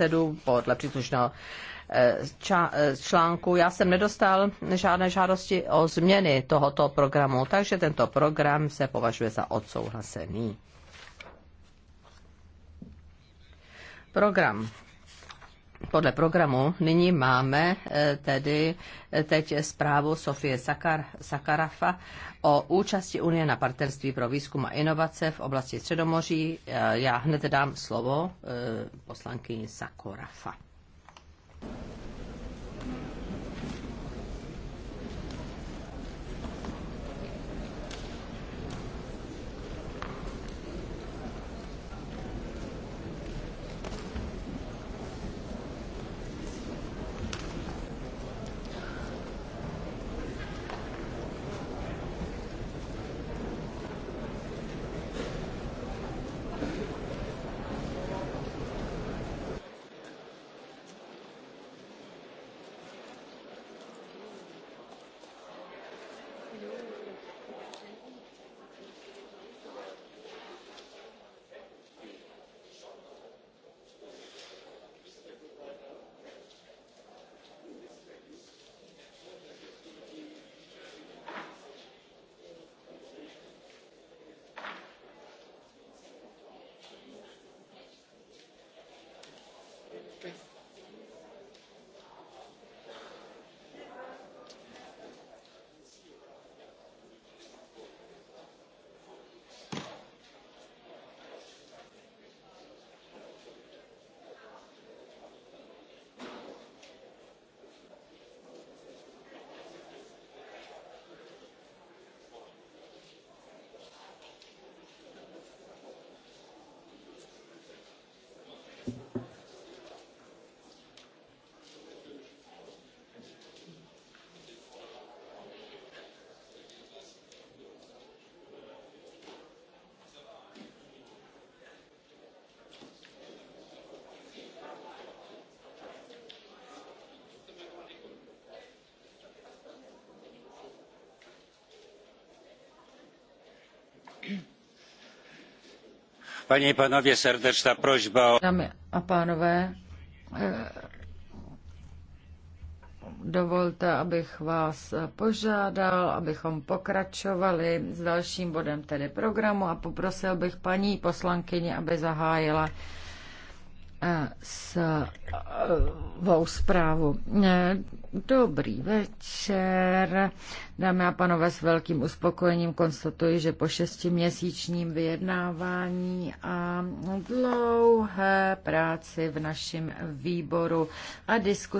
7 podle příslušného eh, eh, článku. Já jsem nedostal žádné žádosti o změny tohoto programu, takže tento program se považuje za odsouhlasený. Program podle programu nyní máme eh, tedy eh, teď zprávu Sofie Sakar, Sakarafa o účasti Unie na partnerství pro výzkum a inovace v oblasti Středomoří. Eh, já hned dám slovo poslankyni Sakarafa. Paní panově, srdečná prožba. a pánové, eh, dovolte, abych vás požádal, abychom pokračovali s dalším bodem tedy programu a poprosil bych paní poslankyni, aby zahájila svou e, zprávu. E, dobrý večer. Dámy a panové, s velkým uspokojením konstatuji, že po šestiměsíčním vyjednávání a dlouhé práci v našem výboru a diskusi